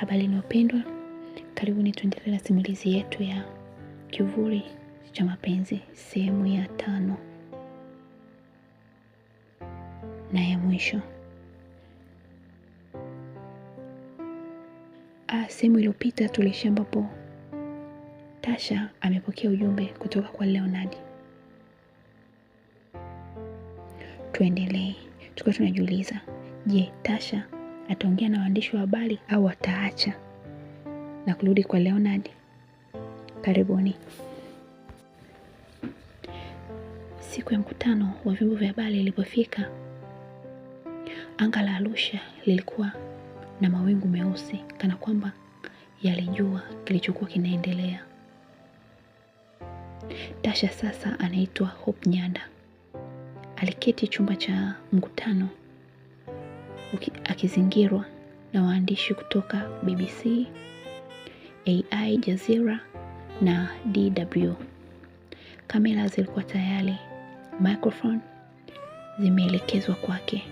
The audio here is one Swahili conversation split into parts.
Habarini wapendwa, karibuni tuendelee na simulizi yetu ya Kivuli cha Mapenzi sehemu ya tano na ya mwisho. Ah, sehemu iliyopita tuliishia ambapo Tasha amepokea ujumbe kutoka kwa leonadi Tuendelee tukiwa tunajiuliza, je, Tasha ataongea na waandishi wa habari au ataacha na kurudi kwa Leonard. Karibuni. Siku ya mkutano wa vyombo vya habari ilipofika, anga la Arusha lilikuwa na mawingu meusi, kana kwamba yalijua kilichokuwa kinaendelea. Tasha sasa anaitwa Hope Nyanda aliketi chumba cha mkutano akizingirwa na waandishi kutoka BBC, ai Jazeera na DW. Kamera zilikuwa tayari, microphone zimeelekezwa kwake.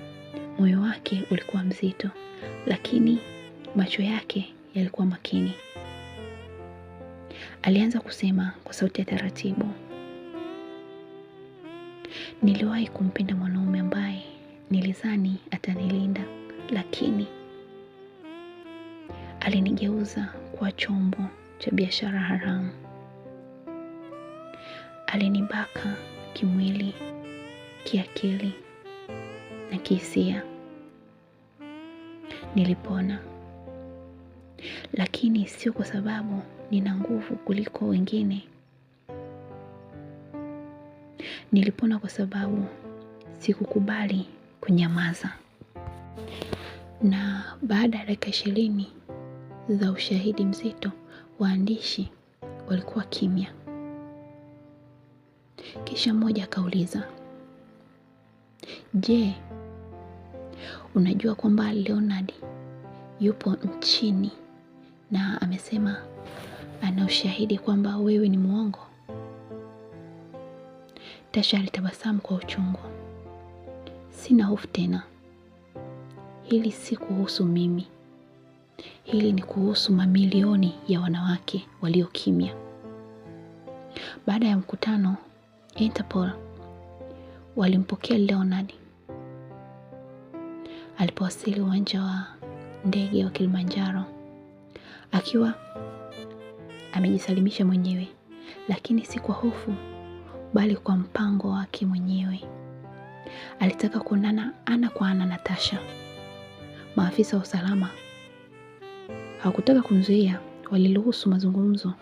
Moyo wake ulikuwa mzito, lakini macho yake yalikuwa makini. Alianza kusema kwa sauti ya taratibu, niliwahi kumpenda mwanaume ambaye Nilizani atanilinda, lakini alinigeuza kuwa chombo cha biashara haramu. Alinibaka kimwili, kiakili na kihisia. Nilipona, lakini sio kwa sababu nina nguvu kuliko wengine. Nilipona kwa sababu sikukubali kunyamaza. Na baada ya dakika ishirini za ushahidi mzito, waandishi walikuwa kimya. Kisha mmoja akauliza, je, unajua kwamba Leonard yupo nchini na amesema ana ushahidi kwamba wewe ni mwongo? Tasha alitabasamu kwa uchungu. Sina hofu tena. Hili si kuhusu mimi. Hili ni kuhusu mamilioni ya wanawake waliokimya. Baada ya mkutano, Interpol walimpokea Leonard alipowasili uwanja wa ndege wa Kilimanjaro akiwa amejisalimisha mwenyewe, lakini si kwa hofu, bali kwa mpango wake mwenyewe alitaka kuonana ana kwa ana na Tasha. Maafisa wa usalama hawakutaka kumzuia, waliruhusu mazungumzo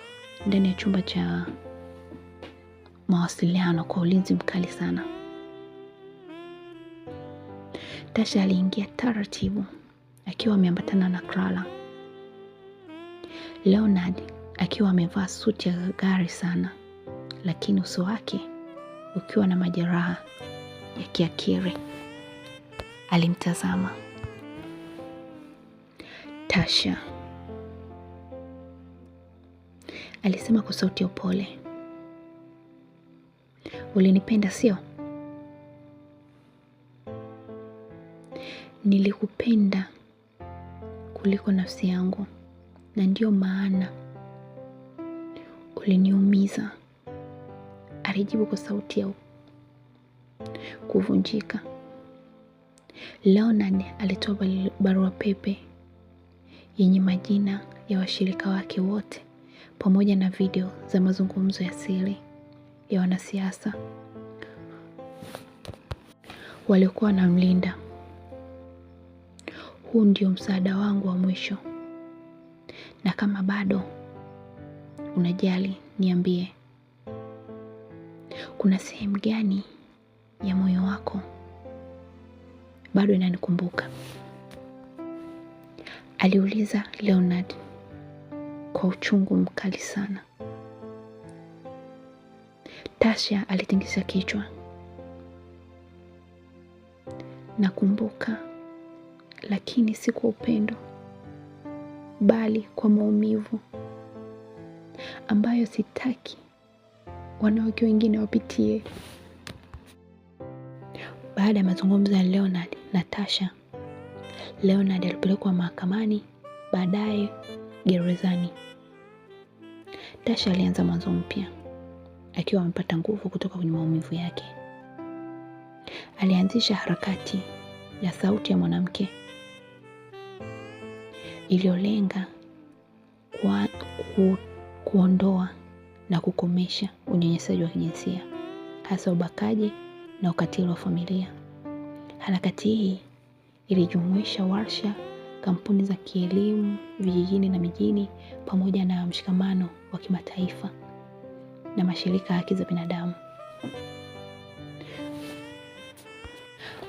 ndani ya chumba cha mawasiliano kwa ulinzi mkali sana. Tasha aliingia taratibu akiwa ameambatana na Clara. Leonard akiwa amevaa suti ya gari sana, lakini uso wake ukiwa na majeraha ya Kiakiri. Alimtazama Tasha, alisema kwa sauti ya upole, ulinipenda sio? Nilikupenda kuliko nafsi yangu, na ndiyo maana uliniumiza, alijibu kwa sauti ya upole kuvunjika. Leonard alitoa barua pepe yenye majina ya washirika wake wote pamoja na video za mazungumzo ya siri ya wanasiasa waliokuwa mlinda Huu ndio msaada wangu wa mwisho, na kama bado unajali, niambie kuna sehemu gani ya moyo wako bado inanikumbuka, aliuliza Leonard kwa uchungu mkali sana. Tasha alitingisha kichwa. Nakumbuka, lakini si kwa upendo, bali kwa maumivu ambayo sitaki wanawake wengine wapitie. Baada ya mazungumzo ya Leonard na Tasha, Leonard alipelekwa mahakamani, baadaye gerezani. Tasha alianza mwanzo mpya akiwa amepata nguvu kutoka kwenye maumivu yake. Alianzisha harakati ya sauti ya mwanamke iliyolenga ku, kuondoa na kukomesha unyanyasaji wa kijinsia hasa ubakaji na ukatili wa familia. Harakati hii ilijumuisha warsha, kampuni za kielimu vijijini na mijini, pamoja na mshikamano wa kimataifa na mashirika ya haki za binadamu.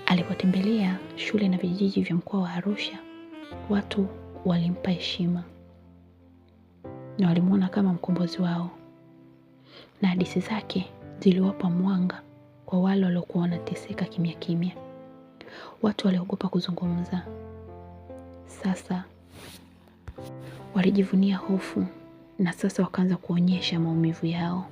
Alipotembelea shule na vijiji vya mkoa wa Arusha, watu walimpa heshima na walimwona kama mkombozi wao, na hadithi zake ziliwapa mwanga kwa wale waliokuwa wanateseka kimya kimya. Watu waliogopa kuzungumza, sasa walijivunia hofu, na sasa wakaanza kuonyesha maumivu yao.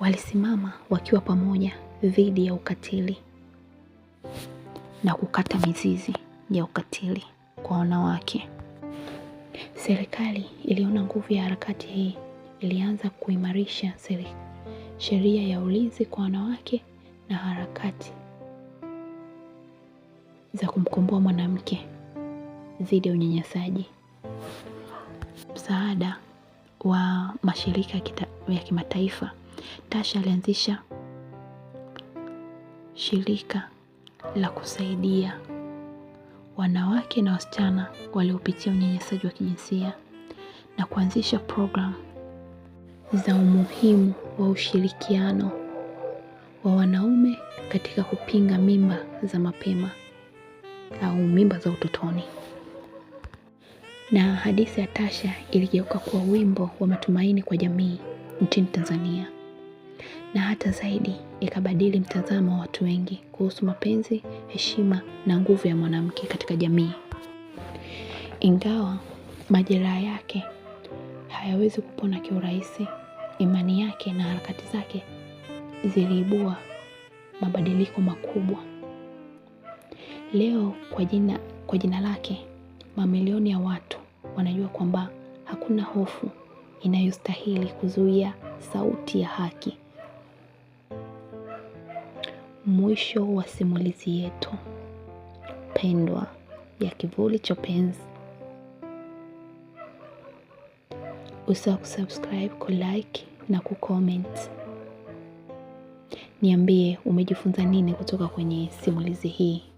Walisimama wakiwa pamoja dhidi ya ukatili na kukata mizizi ya ukatili kwa wanawake. Serikali iliona nguvu ya harakati hii ilianza kuimarisha sheria ya ulinzi kwa wanawake na harakati za kumkomboa mwanamke dhidi ya unyanyasaji. Msaada wa mashirika ya kimataifa, Tasha alianzisha shirika la kusaidia wanawake na wasichana waliopitia unyanyasaji wa kijinsia na kuanzisha programu za umuhimu wa ushirikiano wa wanaume katika kupinga mimba za mapema au mimba za utotoni. Na hadithi ya Tasha iligeuka kuwa wimbo wa matumaini kwa jamii nchini Tanzania, na hata zaidi ikabadili mtazamo wa watu wengi kuhusu mapenzi, heshima na nguvu ya mwanamke katika jamii. Ingawa majeraha yake hayawezi kupona kiurahisi, imani yake na harakati zake ziliibua mabadiliko makubwa. Leo kwa jina, kwa jina lake mamilioni ya watu wanajua kwamba hakuna hofu inayostahili kuzuia sauti ya haki. Mwisho wa simulizi yetu pendwa ya Kivuli cha Penzi. Usisahau kusubscribe, kulike na kucomment. Niambie umejifunza nini kutoka kwenye simulizi hii.